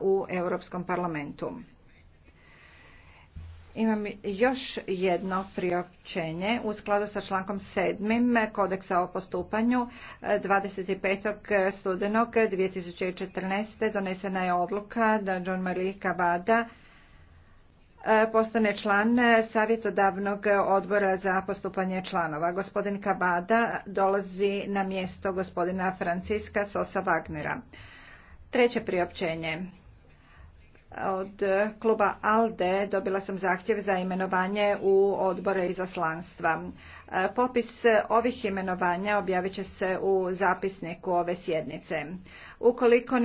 u Europskom parlamentu. Imam još jedno priopćenje. U skladu sa člankom 7. kodeksa o postupanju 25. studenog 2014. donesena je odluka da John Marie Cavada e, postane član savjetodavnog odbora za postupanje članova. Gospodin Cavada dolazi na mjesto gospodina Franciska Sosa Wagnera. Treće priopćenje. Od kluba ALDE dobila sam zahtjev za imenovanje u odbore izaslanstva. Popis ovih imenovanja objavit će se u zapisniku ove sjednice. Ukoliko ne